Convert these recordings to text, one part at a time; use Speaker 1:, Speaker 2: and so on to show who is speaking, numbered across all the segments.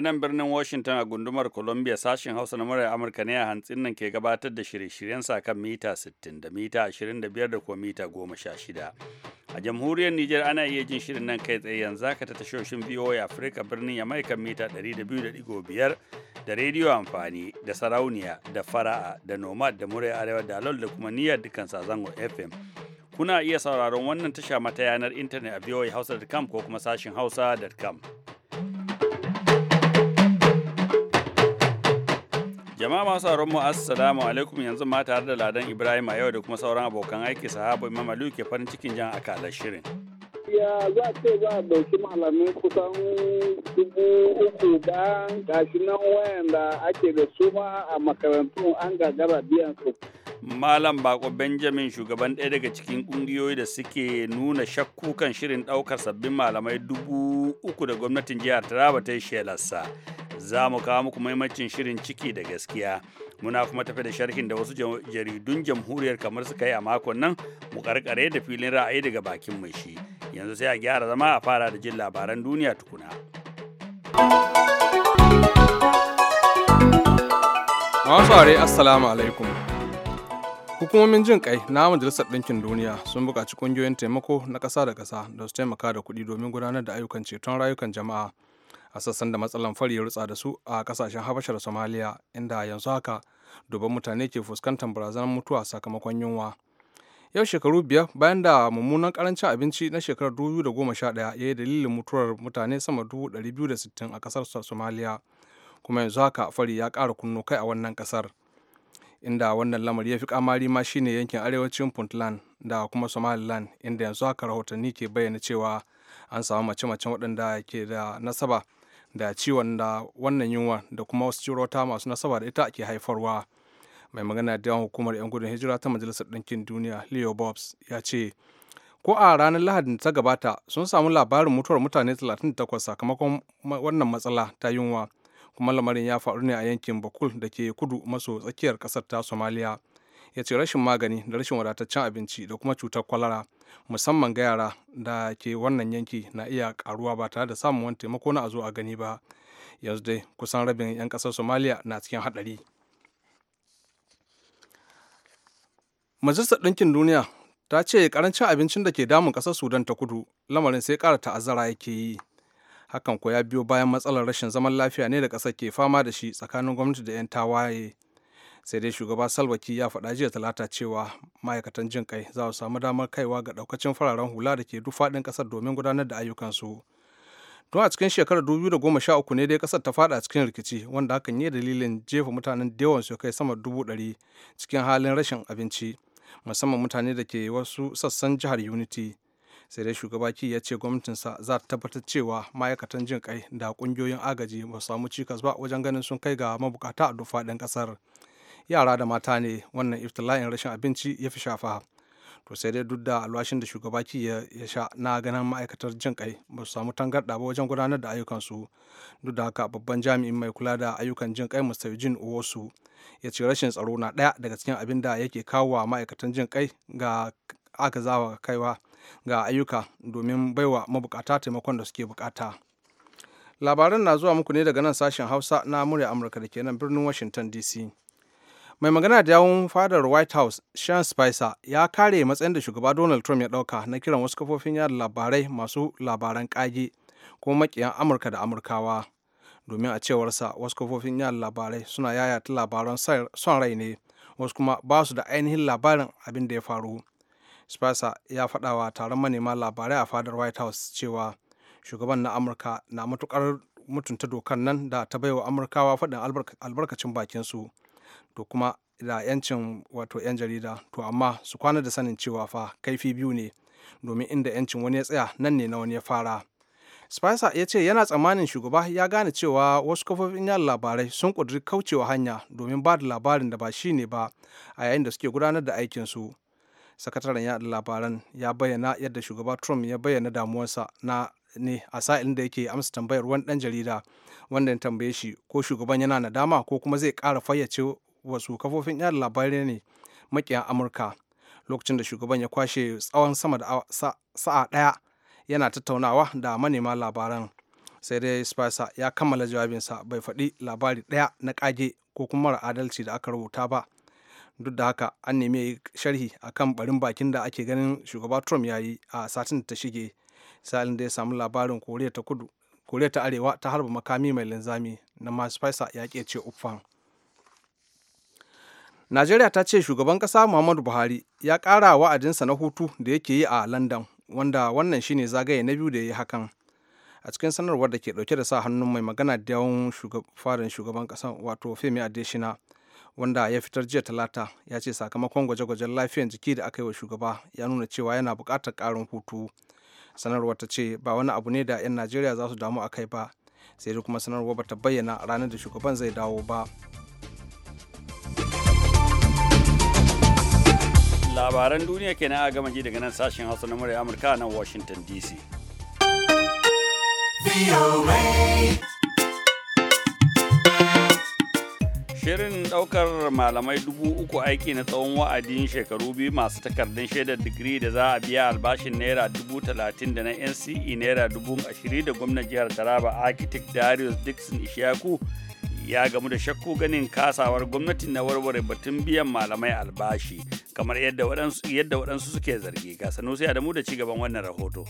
Speaker 1: nan birnin Washington a gundumar Columbia sashen Hausa na murar Amurka ne a hantsin nan ke gabatar da shirye-shiryen sa kan mita 60 da mita 25 da kuma mita 16. A jamhuriyar Nijar ana iya jin shirin nan kai tsaye yanzu haka ta tashoshin VOA Africa birnin Yamai kan mita 200.5 da rediyo amfani da sarauniya da fara'a da nomad da murai arewa da alol da kuma niyyar dukkan sazango FM. Kuna iya sauraron wannan tasha mata yanar intanet a voahausa.com ko kuma sashin hausa.com. Jama'a masu mu assalamu alaikum yanzu ma tare da Ladan Ibrahim a yau da kuma sauran abokan aiki sahabu Imam Aliyu ke farin cikin jan akalar shirin.
Speaker 2: Ya za ce za a dauki malamai kusan dubu uku da gashi nan da ake da su ma a makarantu an gagara biyan su.
Speaker 1: Malam Bako Benjamin shugaban ɗaya daga cikin ƙungiyoyi da suke nuna shakku kan shirin ɗaukar sabbin malamai dubu uku da gwamnatin jihar Taraba ta yi shelarsa. za mu kawo muku maimacin shirin ciki da gaskiya muna kuma tafi da sharhin da wasu jaridun jamhuriyar kamar suka yi a makon nan mu karkare da filin ra'ayi daga bakin mai shi yanzu sai a gyara zama a fara da jin labaran
Speaker 3: duniya tukuna masu are assalamu alaikum hukumomin jin kai na majalisar ɗinkin duniya sun buƙaci ƙungiyoyin taimako na ƙasa da ƙasa da su taimaka da kuɗi domin gudanar da ayyukan ceton rayukan jama'a a sassan da matsalan fari ya rutsa da su a kasashen habashar somaliya inda yanzu haka dubban mutane ke fuskantar barazanar mutuwa sakamakon yunwa yau shekaru biyar bayan da mummunan karancin abinci na shekarar 2011 ya yi dalilin mutuwar mutane sama 260 a kasar somaliya kuma yanzu haka fari ya kara kunno kai a wannan kasar inda wannan lamari ya fi kamari ma shine yankin arewacin puntland da kuma somaliland inda yanzu haka rahotanni ke bayyana cewa an samu mace-macen waɗanda ke da nasaba da ciwon da wannan yunwa da kuma wasu cirota masu nasaba da ita ake haifarwa mai magana da yawan hukumar 'yan gudun hijira ta majalisar ɗinkin duniya leo bobs ya ce ko a ranar lahadin ta gabata sun samu labarin mutuwar mutane 38 sakamakon wannan matsala ta yunwa kuma lamarin ya faru ne a yankin bakul da ke kudu maso tsakiyar ƙasar ta somaliya ya ce rashin magani da rashin wadataccen abinci da kuma cutar kwalara musamman ga yara da ke wannan yanki na iya karuwa ba tare da samun wani taimako na a a gani ba yanzu dai kusan rabin 'yan kasar somaliya na cikin haɗari majalisar ɗinkin duniya ta ce karancin abincin da ke damun ƙasar sudan ta kudu lamarin sai ƙara ta'azzara yake yi hakan ko ya biyo bayan matsalar rashin zaman lafiya ne da ƙasar ke fama da shi tsakanin gwamnati da 'yan tawaye sai dai shugaba salwaki ya faɗa jiya talata cewa ma'aikatan jin kai za su samu damar kaiwa ga ɗaukacin fararen hula da ke duk faɗin ƙasar domin gudanar da ayyukansu tun a cikin shekarar uku ne dai ƙasar ta faɗa cikin rikici wanda hakan yi dalilin jefa mutanen da yawan su kai sama dubu ɗari cikin halin rashin abinci musamman mutane da ke wasu sassan jihar unity sai dai shugaba ki ya ce gwamnatinsa za ta tabbatar cewa ma'aikatan jin kai da ƙungiyoyin agaji ba su samu cikas ba wajen ganin sun kai ga mabukata a duk faɗin ƙasar. yara da mata ne wannan iftila'in rashin abinci ya fi shafa to sai dai duk da alwashin da shugaba ki ya sha na ganin ma'aikatar jin kai ba su samu tangarɗa ba wajen gudanar da ayyukansu duk da haka babban jami'in mai kula da ayyukan jin kai mr jin owosu ya ce rashin tsaro na ɗaya daga cikin abin da yake kawo wa ma'aikatan jin kai ga aka zawa kaiwa ga ayyuka domin baiwa mabukata taimakon da suke bukata labaran na zuwa muku ne daga nan sashen hausa na murya amurka da ke nan birnin washington dc mai magana da yawun fadar white house sean spicer ya kare matsayin da shugaba donald trump ya dauka na kiran wasu kafofin yada labarai masu labaran kage kuma makiyan amurka da amurkawa domin a cewarsa wasu kafofin yada labarai suna yaya ta labaran son rai ne wasu kuma ba su da ainihin labarin abin da ya faru spicer ya faɗa wa taron manema labarai a fadar white house cewa shugaban na amurka na matukar mutunta dokar nan da ta baiwa amurkawa faɗin albarkacin bakinsu To kuma da 'yancin wato 'yan jarida to amma su kwana da sanin cewa fa kaifi biyu ne domin inda 'yancin wani ya tsaya nan ne na wani ya fara spicer ya ce yana tsammanin shugaba ya gane cewa wasu kafofin yada labarai sun ƙudiri kaucewa hanya domin ba da labarin da ba shi ne ba a yayin da suke gudanar da aikinsu sakataren yada labaran ya bayyana yadda shugaba trump ya bayyana damuwarsa na ne a sa'ilin da yake amsa tambayar wani dan jarida wanda ya tambaye shi ko shugaban yana nadama ko kuma zai kara fayyace wasu kafofin yada labarai ne makiyan amurka lokacin da shugaban ya kwashe tsawon sama da sa'a ɗaya yana tattaunawa da manema labaran sai dai spicer ya kammala jawabinsa bai faɗi labari ɗaya na ƙage ko kuma mara adalci da aka rubuta ba duk da haka an nemi sharhi akan barin bakin da ake ganin shugaba trump ya yi a satin da ta shige salin da ya samu labarin koriya ta kudu koriya ta arewa ta harba makami mai linzami na masu faisa ya ke ce uffan najeriya ta ce shugaban kasa muhammadu buhari ya kara wa'adinsa na hutu da yake yi a london wanda wannan shine zagaye na biyu da ya yi hakan a cikin sanarwar da ke dauke da sa hannun mai magana da yawan farin shugaban kasa wato femi adeshina wanda ya fitar jiya talata ya ce sakamakon gwaje-gwajen lafiyan jiki da aka yi wa shugaba ya nuna cewa yana bukatar karin hutu sanarwar ta ce ba wani abu ne da 'yan najeriya za su damu a kai ba sai dai kuma sanarwar ba ta bayyana ranar da shugaban zai dawo ba
Speaker 1: labaran duniya kenan a gama ji daga nan sashen hausa na murya amurka nan washington dc Shirin ɗaukar malamai dubu uku aiki na tsawon wa'adin shekaru biyu masu takardun shaidar digiri da za a biya albashin naira dubu talatin da na NCE naira dubu ashirin da gwamnan jihar Taraba Architect Darius Dixon Ishaku ya gamu da shakku ganin kasawar gwamnati na warware batun biyan malamai albashi kamar yadda waɗansu suke zargi ga sanusi da mu da cigaban wannan rahoto.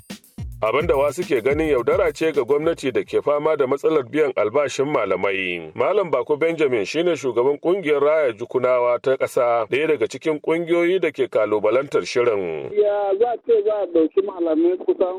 Speaker 4: abin da wasu ke ganin yaudara ce ga gwamnati da ke fama da matsalar biyan albashin malamai malam bako benjamin shine shugaban kungiyar raya jukunawa ta ƙasa ɗaya daga cikin kungiyoyi da ke kalubalantar shirin
Speaker 2: ya za ce za a ɗauki malamai kusan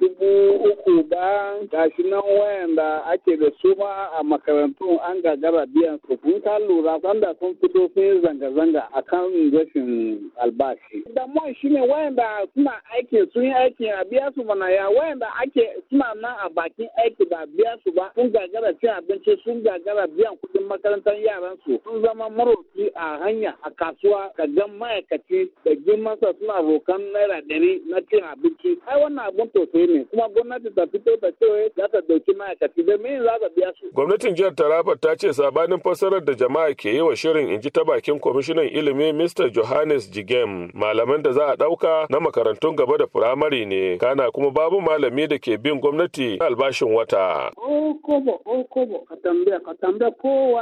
Speaker 2: dubu uku bayan gashi nan wayan da ake da su ma a makarantu an gagara biyan su kun ka lura sanda sun fito sun yi zanga-zanga kan rashin albashi damuwan shine wayan da suna aikin sun yi aikin a biya su ya wayanda ake suna nan a bakin aiki ba biya su ba sun gagara cin abinci sun gagara biyan kuɗin makarantar yaran su sun zama maroki a hanya a kasuwa ka gan ma'aikaci da girmansa suna rokan naira ɗari na cin abinci ai wannan abun tausayi ne kuma gwamnati ta fito ta ce za ta dauki ma'aikaci da me za ta biya su.
Speaker 4: gwamnatin jihar taraba ta ce sabanin fassarar da jama'a ke yi wa shirin in ji ta bakin kwamishinan ilimi mr johannes jigem malaman da za a ɗauka na makarantun gaba da firamare ne kana kuma babu malami da ke bin gwamnati albashin wata.
Speaker 2: o kobo, oh, kobo, ka tambaya, ka tambaya kobo,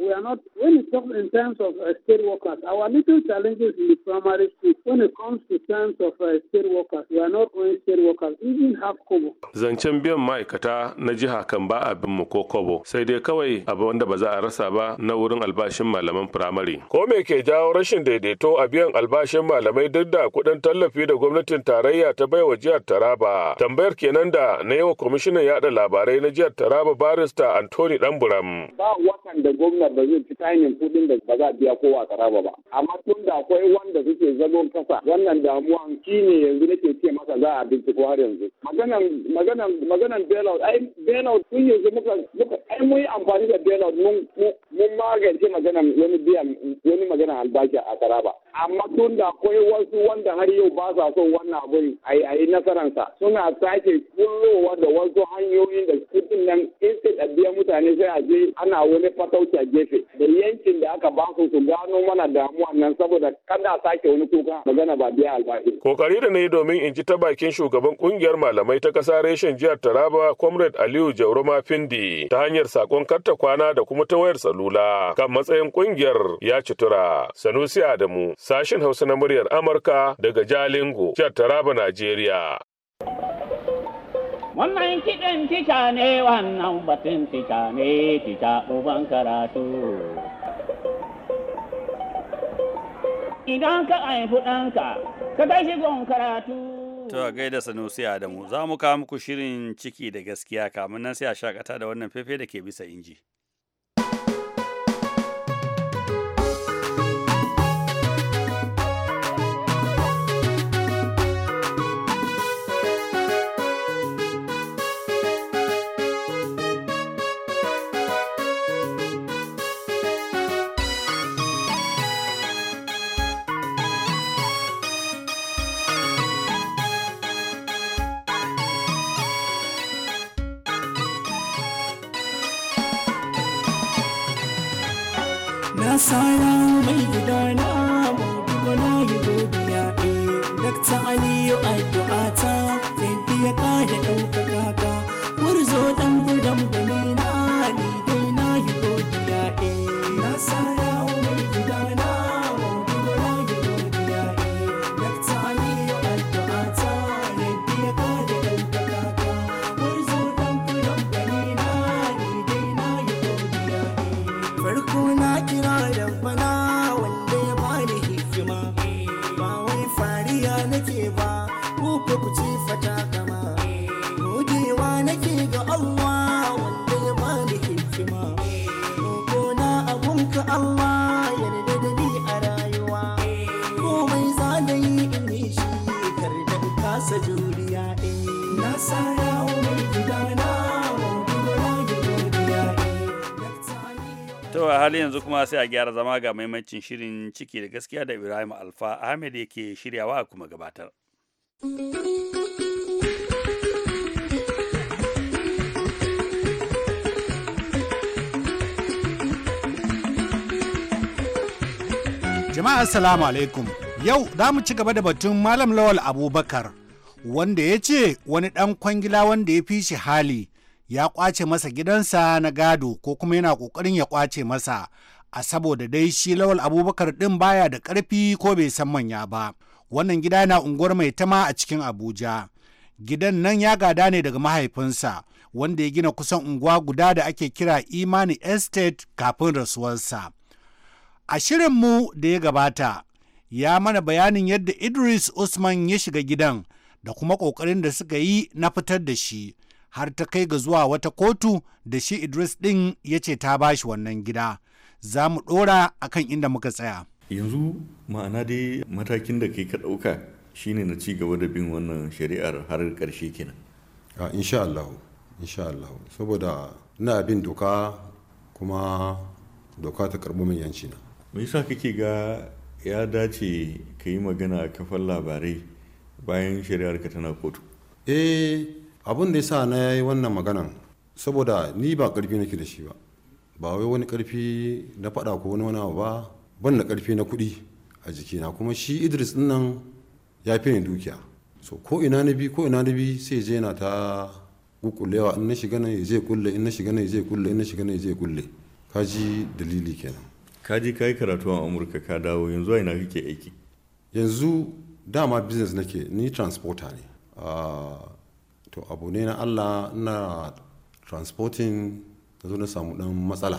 Speaker 2: we are not, when it comes in terms of uh, state workers, our little challenges in the primary school, when it comes to terms of uh, state workers, we are not only state workers, even half kobo.
Speaker 4: Zancen biyan ma'aikata na jiha kan ba a bin mu ko kobo, sai dai kawai abu wanda ba za a rasa ba na wurin albashin malaman firamare. Ko me ke jawo rashin daidaito a biyan albashin malamai duk da kuɗin tallafi da gwamnatin tarayya ta baiwa jiha jihar Taraba. Tambayar kenan da na yawa kwamishinan yada labarai na jihar Taraba barista anthony Danburam.
Speaker 2: Ba watan da gwamnar ba zai ci tayin kudin da ba za a biya kowa a Taraba ba. Amma tun da akwai wanda suke zagon kasa wannan damuwan shi ne yanzu nake ce masa za a binciko har yanzu. Maganan maganan maganan bailout ai bailout tun yanzu muka muka ai mun yi amfani da bailout mun mun magance maganan wani biyan wani maganan albashi a Taraba. Amma tun da akwai wasu wanda har yau ba sa son wannan abin a yi na nasararsa suna sake kullowa da wasu hanyoyin da kudin nan in a biya mutane sai a je ana wani fatauci a gefe da yankin da aka ba su gano mana damuwa nan saboda kada sake wani kuka magana ba
Speaker 4: biya albashi. Kokari da na yi domin in ji ta bakin shugaban kungiyar malamai ta kasa reshen jihar Taraba Comrade Aliyu Jauroma Findi ta hanyar sakon karta kwana da kuma ta wayar salula kan matsayin kungiyar ya citura. Sanusi Adamu sashin Hausa na muryar Amurka daga Jalingo jihar Taraba Najeriya.
Speaker 5: Wannan kiɗin tica ne wannan batun tica ne tica uban karatu. Idan ka haifi ɗanka, ka kai shi gon karatu.
Speaker 1: To gaida Sanusi Adamu, za mu kawo muku shirin ciki da gaskiya kamun nan sai a shakata da wannan fefe da ke bisa inji. kuma sai a gyara zama ga maimacin shirin ciki da gaskiya da Ibrahim Alfa Ahmed yake shiryawa kuma gabatar.
Speaker 5: Jama'a Assalamu alaikum. Yau za mu ci gaba da batun Malam Lawal Abubakar wanda ya ce wani ɗan kwangila wanda ya fi shi hali ya kwace masa gidansa na gado ko kuma yana ƙoƙarin ya kwace masa a saboda dai shi lawal abubakar ɗin baya da ƙarfi ko bai san manya ba wannan gida na unguwar mai tama a cikin abuja gidan nan ya gada ne daga mahaifinsa wanda ya gina kusan unguwa guda da ake kira imani estate kafin rasuwarsa a mu da ya gabata ya mana bayanin yadda idris usman ya shiga gidan da kuma ƙoƙarin da suka yi na fitar da shi har ta kai ga zuwa wata kotu da shi idris ɗin ya ce ta bashi wannan gida za mu ɗora a kan inda muka tsaya.
Speaker 6: Yanzu ma'ana dai matakin da kai ka ɗauka shine na ci gaba da bin wannan shari'ar har karshe kenan. A ah, insha Allah,
Speaker 7: insha Allah, saboda ina bin doka kuma doka ta karɓo min yanci na. Me
Speaker 6: yasa kake ga ya dace
Speaker 7: ka yi magana a kafan labarai bayan shari'ar ka tana kotu? Eh, abin da ya sa na yi wannan maganan saboda ni ba ƙarfi nake da shi ba. ba wai wani karfi na faɗa ko wani wani ba ban da karfi na kuɗi a jikina kuma shi idris din nan ya fi ni dukiya so ko ina na bi ko ina na bi sai je na ta gukulewa in na shiga ne ya je kulle in na shiga ne ya je kulle in na shiga ne ya je kulle kaji dalili kenan
Speaker 6: kaji kai karatu a amurka ka dawo yanzu ina kake aiki
Speaker 7: yanzu dama business nake ni transporter ne ah, to abu ne na allah ina transporting da zo na samu dan matsala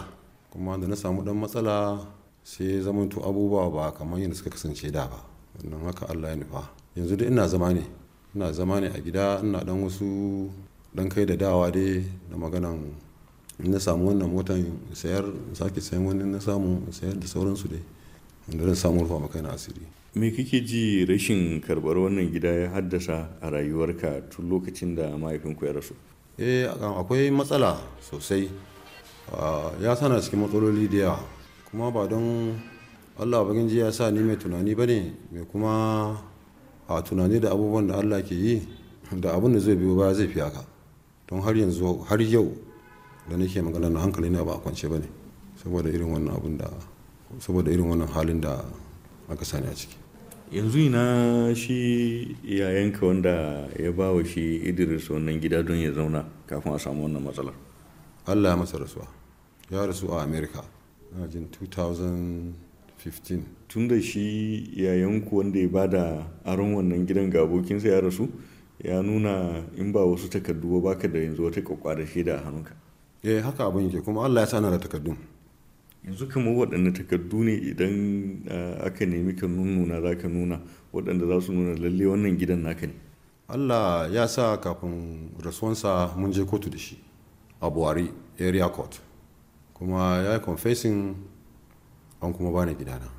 Speaker 7: kuma da na samu dan matsala sai zamanto abubuwa ba kamar yadda suka kasance da ba wannan haka allah ya nufa yanzu dai ina zama ne ina zama ne a gida ina dan wasu dan kai da dawa dai da maganan na samu wannan motan sayar sake sayan wani na samu sayar da sauransu dai wanda zan samu rufa maka na asiri
Speaker 6: me kake ji rashin karbar wannan gida ya haddasa a rayuwarka tun lokacin da mahaifinku ya rasu
Speaker 7: eh akwai matsala sosai Ah, ya sana cikin matsaloli da yawa kuma ba don allah bagin ji ya sa ni mai tunani ba ne mai kuma a tunani da abubuwan da allah ke yi da abin da zai biyo ba zai fi haka don har yanzu har yau da nake magana na hankali na ba a kwance ba ne saboda irin wannan halin da aka sani a ciki yanzu ina
Speaker 6: shi yayanka wanda ya ba wa shi idris wannan gida don ya zauna
Speaker 7: kafin a samu wannan matsalar allah ya masa rasuwa ya rasu a america na jin 2015 tun da shi yayanku wanda ya bada
Speaker 6: aron wannan gidan ga abokinsa ya rasu ya nuna in ba wasu takardu ba baka da yanzu wata kwakwa da shaida a hannunka eh haka abin yake kuma allah ya sanar da takardun yanzu kamar waɗanne takardu ne idan aka nemi ka nuna za ka nuna waɗanda za su nuna lalle wannan gidan naka ne
Speaker 7: allah ya sa kafin rasuwansa mun je kotu da shi a area court kuma ya yi confessing an kuma bani gidana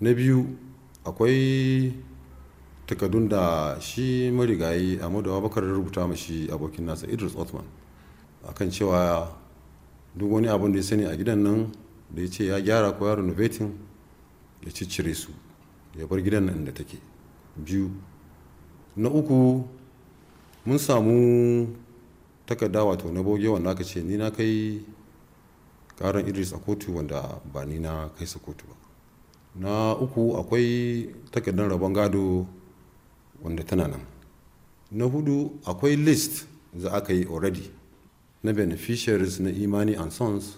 Speaker 7: na biyu akwai takardun da shi marigayi amadu abubakar rubuta ma shi abokin nasa idris othman akan cewa duk wani abin da ya sani a gidan nan da ya ce ya gyara ko ya renovating ya ciccire su ya bar gidan nan da take biyu na uku mun samu takarda wato na boge wanda aka ce ni na kai karan idris a kotu wanda ba ni na kai su kotu ba na uku akwai takardar rabon gado wanda tana nan na hudu akwai list za aka yi already na beneficiaries na imani and sons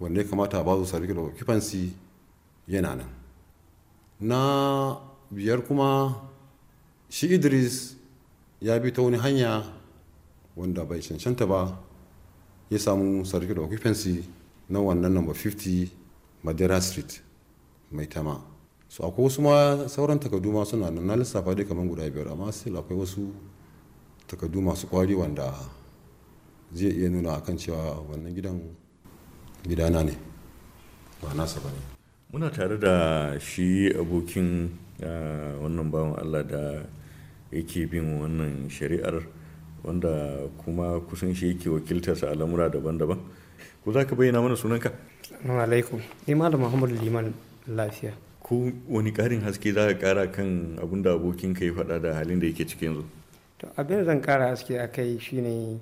Speaker 7: wanda ya kamata ba su certificate of occupancy yana nan na biyar kuma shi idris ya bi ta wani hanya wanda bai cancanta ba ya samu certificate of occupancy na wannan number 50 madera street mai tama so akwai wasu ma sauran takardu ma suna na lissafa dai kamar guda biyar amma still akwai wasu takardu masu kwari wanda zai iya nuna akan cewa wannan gidan gidana ne ba nasa ba ne muna tare da shi abokin ah, wannan bawan
Speaker 6: allah da yake bin wannan shari'ar wanda kuma kusan shi yake wakiltarsa a lamura daban-daban ko za ka bayyana mana sunanka assalamu alaikum ni malam muhammadu liman lafiya ko wani karin haske za ka kara kan abin da abokin ka ya faɗa da halin da yake ciki yanzu
Speaker 8: to abin da zan kara haske a kai shine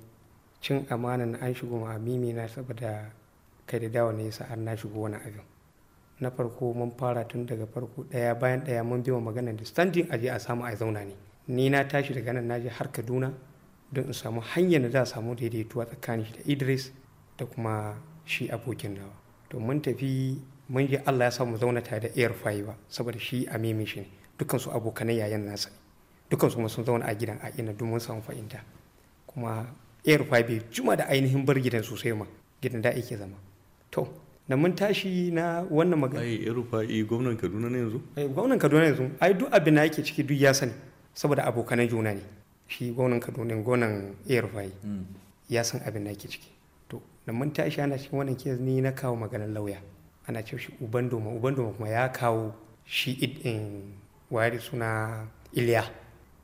Speaker 8: cin amanan an shigo ma mimi na saboda kai da dawo ne sa'ar na shigo wani abin na farko mun fara tun daga farko ɗaya bayan ɗaya mun bi wa maganar da standing aje a samu a zauna ne ni na tashi daga nan na naje har kaduna don in samu hanyar da za a samu daidaituwa tsakanin shi da idris da kuma shi abokin nawa to mun tafi mun je allah ya samu zauna tare da air ba saboda shi a meme shi ne dukkan su abokanai yayan nasa ne dukkan su sun zauna a gidan a ina domin samun fahimta kuma air bai juma da ainihin bar gidan sosai ma gidan da ake zama to na mun tashi na wannan magana ai air fabi eh, gwamnan kaduna ne yanzu ai eh, gwamnan kaduna yanzu ai duk abin da yake ciki duk ya sani saboda abokanan juna ne shi gonan kaduna gonan erufai mm. ya san abin da ke ciki to da mun tashi ana cikin wannan kes ni na kawo maganar lauya ana ce shi uban doma uban doma kuma ya kawo shi idin eh, wari suna iliya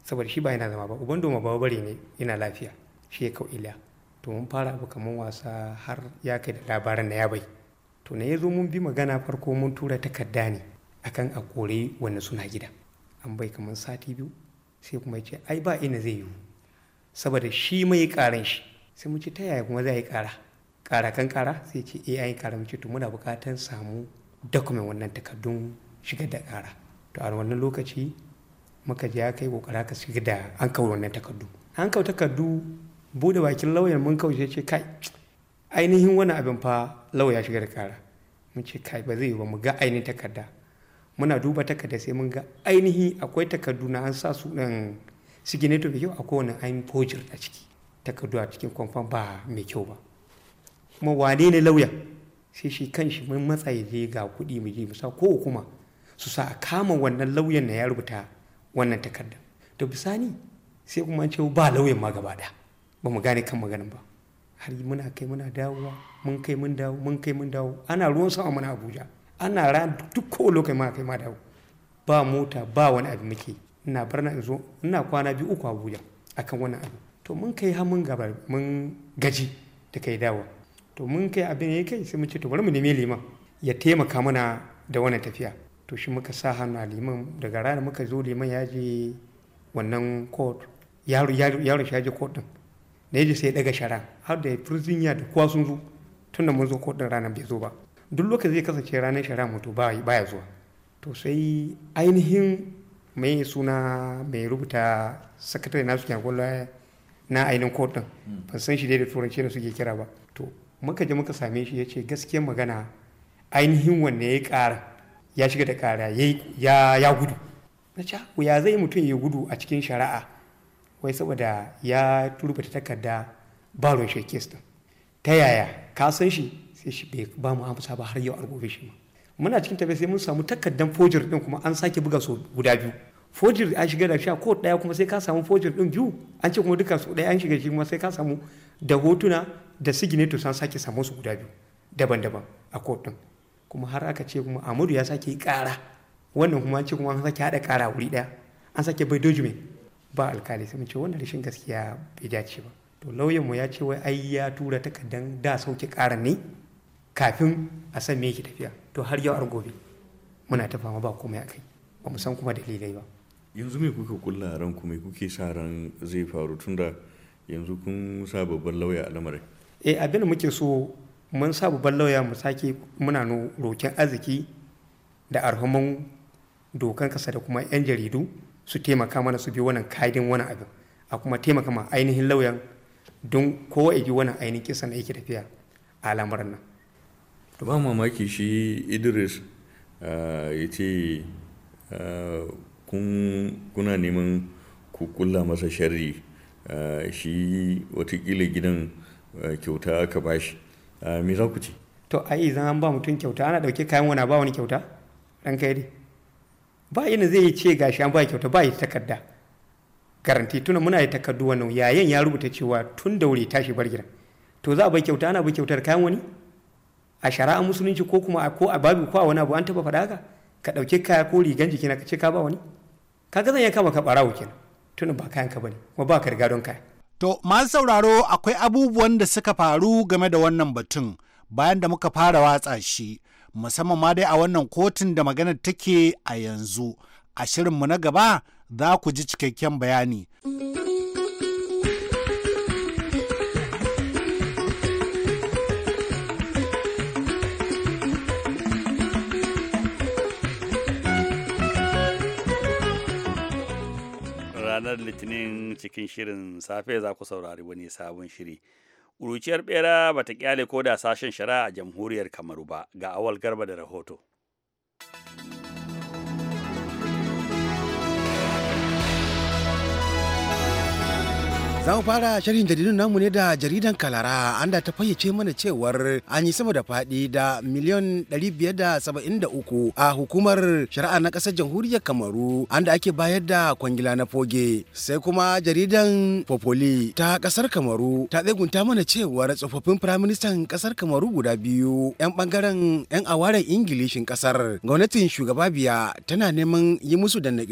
Speaker 8: saboda shi ba yana zama ba uban doma ba bare ne yana lafiya shi ya kawo iliya to mun fara abu kamar wasa har ya kai da labaran na ya bai to na ya zo mun bi magana farko mun tura takarda ne akan a kore wani suna gida an bai kamar sati biyu sai kuma ce ai ba ina zai yiwu saboda shi mai karan shi sai mu ce ta yaya kuma zai yi kara kara kan kara sai ce eh ai kara mu ce to muna bukatan samu document wannan takardun shigar da kara to a wannan lokaci muka je kai kokara ka shiga da an kawo wannan takardu an kawo takardu bude bakin lauyan mun kawo ce kai ainihin wani abin fa lauya shiga da kara mun ce kai ba zai yi ba mu ga ainihin takarda muna duba takarda sai mun ga ainihi akwai takardu na an sa su ɗan um, siginato mai kyau akwai wani ainihin fojir a ciki takardu a cikin kwamfan ba mai kyau ba kuma wane ne lauya sai shi kan shi mun matsa ya je ga kuɗi mu je musa ko kuma su sa a kama wannan lauyan na ya rubuta wannan takarda to bisani sai kuma an ce ba lauyan ma gaba ɗaya ba mu gane kan maganin ba har muna kai muna dawowa mun kai mun dawo mun kai mun dawo ana ruwan sama muna abuja ana ran duk kowane lokaci ma kai ma dawo ba mota ba wani abu muke ina barna in zo ina kwana biyu uku abuja akan wannan abu to mun kai har mun gaba mun gaji da kai dawo to mun kai abin ya kai sai mun ce to bari mu nemi liman ya taimaka mana da wannan tafiya to shi muka sa hannu a liman daga ranar muka zo liman ya je wannan court yaro shi ya je court din na sai ya daga shara har da ya furzinya da kowa sun zo tun da mun zo court din ranar bai zo ba duk lokacin zai kasance ranar shari'a mutu baya zuwa to sai ainihin mai suna mai rubuta sakatare nasu ke gwalla na ainihin kotun, hmm. ban san shi dai da turanci da suke kira ba to muka je muka same shi ya ce gaskiya magana ainihin wanne ya ƙara ya shiga da ƙara ya gudu na ca ah, ya zai mutum ya gudu a cikin shari'a wai saboda ya turbata takarda baron shekes ta yaya ka san shi sai shi bai ba mu amsa ba har yau an gobe shi ma muna cikin tafiya sai mun samu takardan fojir din kuma an sake buga so guda biyu fojir an shiga da sha ko daya kuma sai ka samu fojir din biyu an ce kuma duka su daya an shiga shi kuma sai ka samu da hotuna da signature san sake samu su guda biyu daban-daban a court din kuma har aka ce kuma Amadu ya sake kara wannan kuma an ce kuma an sake hada kara wuri daya an sake bai document ba alkali sai mun ce wannan rashin gaskiya bai dace ba to lauyanmu ya ce wai ai ya tura takadan da sauke ƙara ne kafin a san me yake tafiya to har yau gobe muna ta fama ba komai a kai ba mu san kuma dalilai ba
Speaker 6: yanzu me kuka kulla ran kuma kuke sa ran zai faru tunda yanzu kun sa babban lauya a lamarin
Speaker 8: eh abin muke so mun sa babban lauya mu sake muna roken arziki da arhaman dokan kasa da kuma yan jaridu su taimaka mana su bi wannan kaidin wani abin a kuma taimaka ma ainihin lauyan don kowa ya ji wannan ainihin kisan aiki tafiya
Speaker 6: a lamarin nan ba mamaki shi idris eh, ya ce eh, kuna neman ku kulla masa shari eh, shi watakila gidan kyauta aka bashi me za ku ce to ai idan an ba mutum kyauta ana dauke
Speaker 8: kayan wani ba wani kyauta Ɗan kai ba yana zai ce gashi an ba kyauta ba yi takarda garanti tuna muna da takardu wannan yayan ya rubuta cewa tun da wuri tashi bar gidan to za a bai kyauta ana bai kyautar kayan wani a shari'a musulunci ko kuma ko a babu ko a wani abu an taba faɗa haka ka ɗauki kaya ko rigan jiki na ka ce ka ba wani kaga zan iya kama ka
Speaker 5: ɓarawo kenan tuna ba kayan ka bane kuma ba ka riga don kaya To, masu sauraro akwai abubuwan da suka faru game da wannan batun bayan da muka fara watsa shi, musamman ma dai a wannan kotun da maganar take a yanzu. A shirinmu na gaba za ku ji cikakken bayani.
Speaker 1: ranar litinin cikin shirin safe za ku saurari wani sabon shiri ƙuruciyar bera ba ta kyale ko da sashen shari'a a jamhuriyar kamaru ba ga awal garba da rahoto
Speaker 9: Za mu fara shirin jaridun namu ne da jaridan Kalara anda ta fayyace mana cewar an yi sama da faɗi da miliyan 573 a hukumar shari'a na ƙasar jamhuriyar Kamaru anda ake bayar da kwangila na foge. Sai kuma jaridan Popoli ta ƙasar Kamaru ta tsegunta mana cewar tsofaffin firaministan ƙasar Kamaru guda biyu 'yan ɓangaren 'yan awaren Ingilishin ƙasar. Gwamnatin shugaba biya tana neman yi musu da na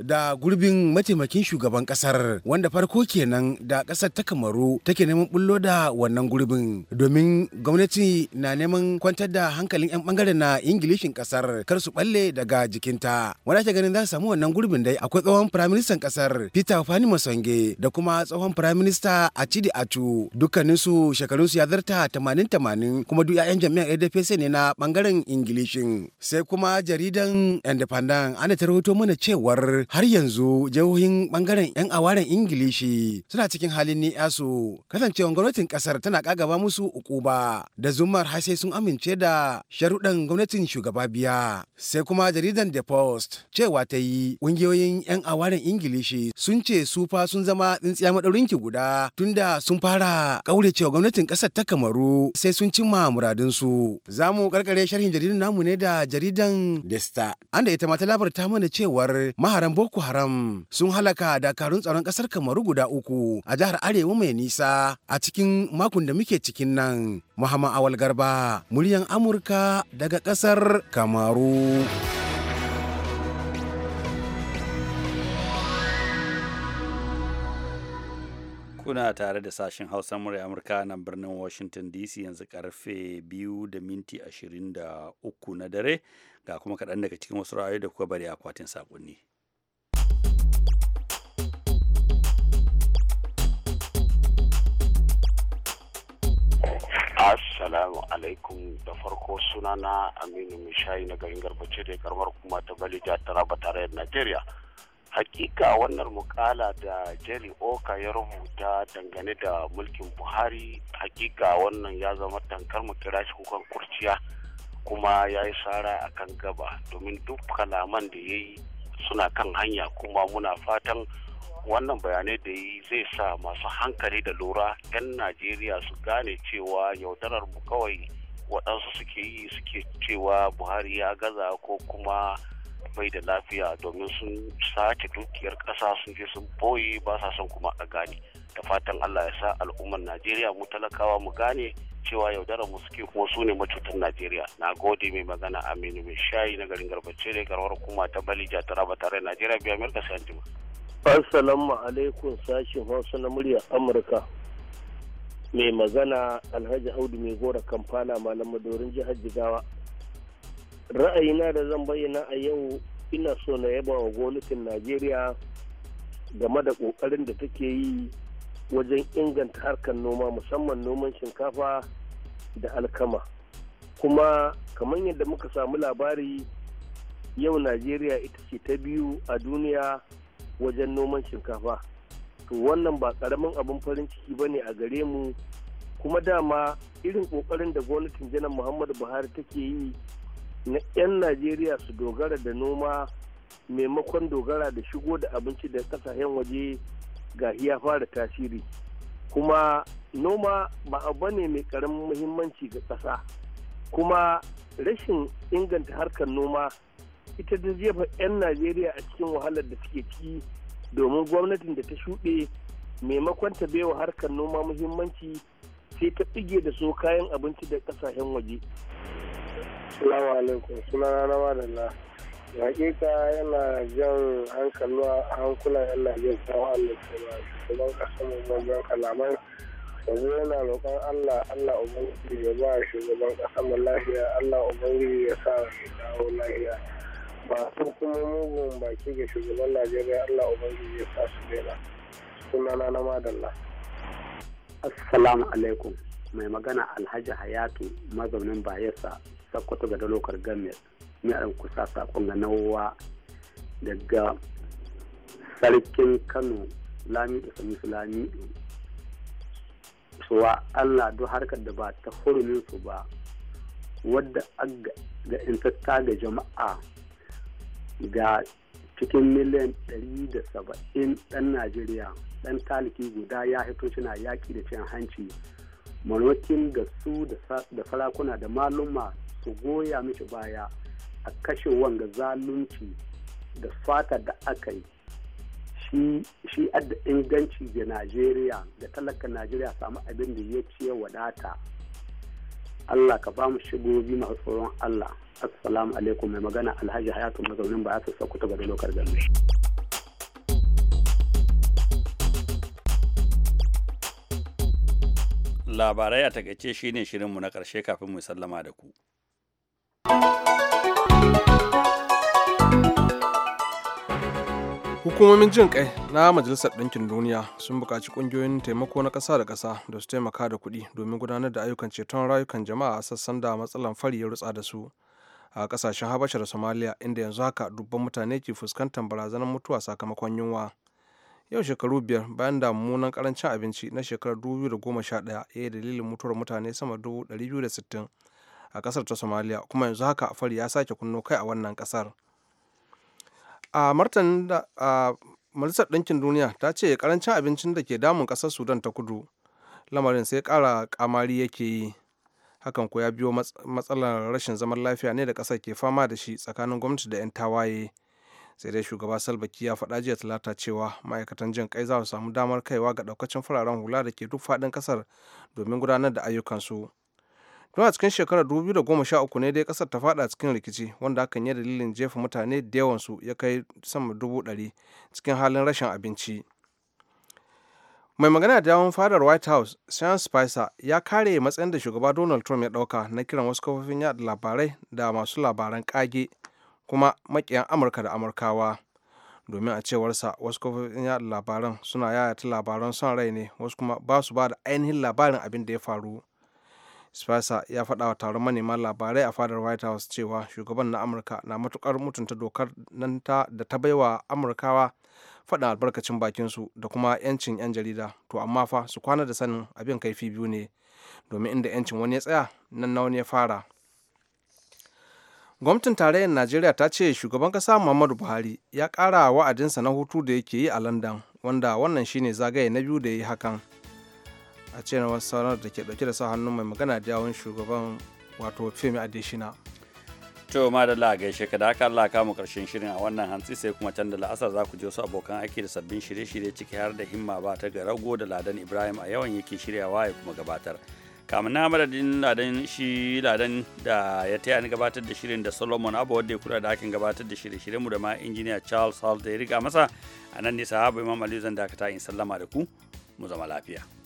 Speaker 9: da gurbin mataimakin shugaban ƙasar wanda farko kenan kenan da kasar ta kamaru take neman bullo da wannan gurbin domin gwamnati na neman kwantar da hankalin 'yan bangaren na ingilishin kasar kar su balle daga jikinta wanda ake ganin za su samu wannan gurbin dai akwai tsohon firaministan ƙasar peter fani masonge da kuma tsohon firaminista dukkanin su dukkaninsu shekarunsu ya zarta tamanin tamanin kuma duk 'ya'yan jami'an adfc ne na bangaren ingilishin sai kuma jaridan independent ana ta rahoto mana cewar har yanzu jihohin bangaren 'yan awaren ingilishi suna cikin halin ni'yasu kasancewar gwamnatin kasar tana kagaba musu ukuba da zumar har sai sun amince da sharuɗan gwamnatin shugaba biya sai kuma jaridan the post cewa ta yi ƙungiyoyin 'yan awarin ingilishi sun ce su fa sun zama tsintsiya maɗaurinki guda tunda sun fara cewa gwamnatin ƙasar ta kamaru sai sun cimma muradinsu za mu ƙarƙare sharhin jaridan namu ne da jaridan the star an da ita ma ta labarta mana cewar maharan boko haram sun halaka dakarun tsaron ƙasar kamaru guda uku a jihar Arewa mai nisa a cikin makon da muke cikin nan. Muhammad Awal Garba, muryan Amurka daga ƙasar Kamaru.
Speaker 1: Kuna tare da sashen Hausa murya Amurka nan birnin Washington DC yanzu karfe biyu da minti ashirin da uku na dare ga kuma kaɗan daga cikin wasu ra'ayoyi da kuka bari akwatin saƙonni.
Speaker 10: Assalamu alaikum da farko sunana Aminu Mishayi na garin Garbace da karamar kuma ta Balija Taraba da Najeriya. Hakika wannan mukala da Jerry Oka ya rubuta dangane da mulkin Buhari hakika wannan ya zama tankar mu kira shi kukan kurciya kuma ya yi sara a kan gaba domin duk kalaman da ya yi suna kan hanya kuma muna fatan wannan bayanai da yi zai sa masu hankali da lura 'yan najeriya su gane cewa yaudarar mu kawai waɗansu suke yi suke cewa buhari ya gaza ko kuma bai da lafiya domin sun sace dukiyar ƙasa sun je sun boye ba sa son kuma a gane da fatan allah ya sa al'ummar najeriya mu talakawa mu gane cewa yaudarar mu suke kuma su ne macutan najeriya na gode mai magana aminu mai shayi na garin garbace ne garwar kuma ta balija ta raba tare najeriya biya mirka sai Assalamu alaikum sashin Hausa na murya Amurka. Mai magana Alhaji Audu mai gora Kamfana malam Madorin jihar Jigawa. Ra'ayina da zan bayyana a yau ina so na yaba wa gwamnatin Najeriya game da ƙoƙarin da take yi wajen inganta harkar noma musamman noman shinkafa da alkama. Kuma kamar yadda muka samu labari yau Najeriya ita ce ta biyu a duniya wajen noman shinkafa to wannan ba karamin abin farin ciki ba ne a gare mu kuma dama irin kokarin da gwamnatin janar muhammadu buhari take yi na 'yan najeriya su dogara da noma maimakon dogara da shigo da abinci da kasashen waje ga ya fara tasiri kuma noma ba abu ne mai karamin muhimmanci ga ƙasa kuma rashin inganta harkar noma ita ta jefa 'yan najeriya a cikin wahalar da suke ciki domin gwamnatin da ta shuɗe maimakon ta baiwa harkar noma muhimmanci sai ta ɗige da so kayan abinci da ƙasashen waje. Salamu alaikum suna na madalla. Hakika yana jan hankalwa hankulan yan Najeriya wa Allah shugaban kasar mummunan kalaman yanzu yana roƙon Allah Allah ubangiji ya ba shugaban kasar mu lafiya Allah ubangiji ya sa dawo lafiya. masu kuma mugun baki ga shugaban najeriya allah ubangiji ya sa su daina sunana na madalla
Speaker 11: assalamu alaikum mai magana alhaji hayatu mazaunin bayelsa sakkwato ga dalokar game ni an kusa sakon ga nawa daga sarkin kano lami da sami lami allah duk harkar da ba ta hurumin su ba wadda ga in ta ga jama'a ga cikin miliyan 170 ɗan najeriya ɗan taliki guda ya hito suna yaƙi da cin hanci manokin da su da sarakuna da maluma su goya mishi baya a kashe wanga zalunci da fata da aka yi shi adda inganci ga najeriya da talaka najeriya samu abin da ya ce wadata Allah ka ba mu shigobi masu tsoron Allah assalamu alaikum mai magana alhaji hayatu mazaunin ba su sauku ta gado lokar gani
Speaker 1: labarai a takaice shine shirinmu na ƙarshe kafin mu sallama da ku.
Speaker 3: hukumomin jin kai na majalisar ɗinkin duniya sun buƙaci ƙungiyoyin taimako na ƙasa da ƙasa da su taimaka da kuɗi domin gudanar da ayyukan ceton rayukan jama'a a sassan da matsalan fari ya rutsa da su a ƙasashen habasha da somaliya inda yanzu haka dubban mutane ke fuskantar barazanar mutuwa sakamakon yunwa yau shekaru biyar bayan da mummunan karancin abinci na shekarar 2011 ya yi dalilin mutuwar mutane sama 260 a ƙasar ta somaliya kuma yanzu haka fari ya sake kunno kai a wannan ƙasar. a martanin da a majalisar ɗinkin duniya ta ce karancin abincin da ke damun ƙasar sudan ta kudu lamarin sai ƙara kamari yake yi hakan ko ya biyo matsalar rashin zaman lafiya ne da ƙasar ke fama da shi tsakanin gwamnati da 'yan tawaye sai dai shugaba salbaki ya faɗa jiya talata cewa ma'aikatan jin kai za su samu damar kaiwa ga ɗaukacin fararen hula da ke duk faɗin ƙasar domin gudanar da ayyukansu Don a cikin shekarar 2013 ne dai kasar ta fada cikin rikici wanda hakan ya dalilin jefa mutane da yawansu ya kai sama dubu ɗari cikin halin rashin abinci. Mai magana da yawon fadar White House, Sean Spicer, ya kare matsayin da shugaba Donald Trump ya ɗauka na kiran wasu kafofin yada labarai da masu labaran kage kuma makiyan Amurka da Amurkawa. domin a cewarsa wasu kafofin yada labaran suna yaya ta labaran son rai ne wasu kuma ba su ba da ainihin labarin abin da ya faru spicer ya faɗa wa taron manema labarai a fadar white house cewa shugaban na amurka na matukar mutunta dokar nan ta da ta baiwa amurkawa faɗin albarkacin bakin su da kuma 'yancin 'yan jarida to amma fa su kwana da sanin abin kaifi biyu ne domin inda 'yancin wani ya tsaya nan na wani ya fara gwamnatin tarayyar najeriya ta ce shugaban kasa muhammadu buhari ya kara wa'adinsa na hutu da yake yi a london wanda wannan shine zagaye na biyu da ya yi hakan a cewar sauran da ke dauke da sa hannun mai magana da yawon shugaban wato femi adeshina to
Speaker 1: madalla a gaishe ka da haka Allah mu karshen shirin a wannan hantsi sai kuma can da la'asar za ku je su abokan aiki da sabbin shirye-shirye ciki har da himma ba ta ga rago da ladan ibrahim a yawan yake shiryawa ya kuma gabatar kamun na madadin ladan shi ladan da ya taya ni gabatar da shirin da solomon abu wadda ya kula da akin gabatar da shirye mu da ma injiniya charles hall da ya riga masa a nan nisa sahabu imam aliyu zan dakata in sallama da ku mu zama lafiya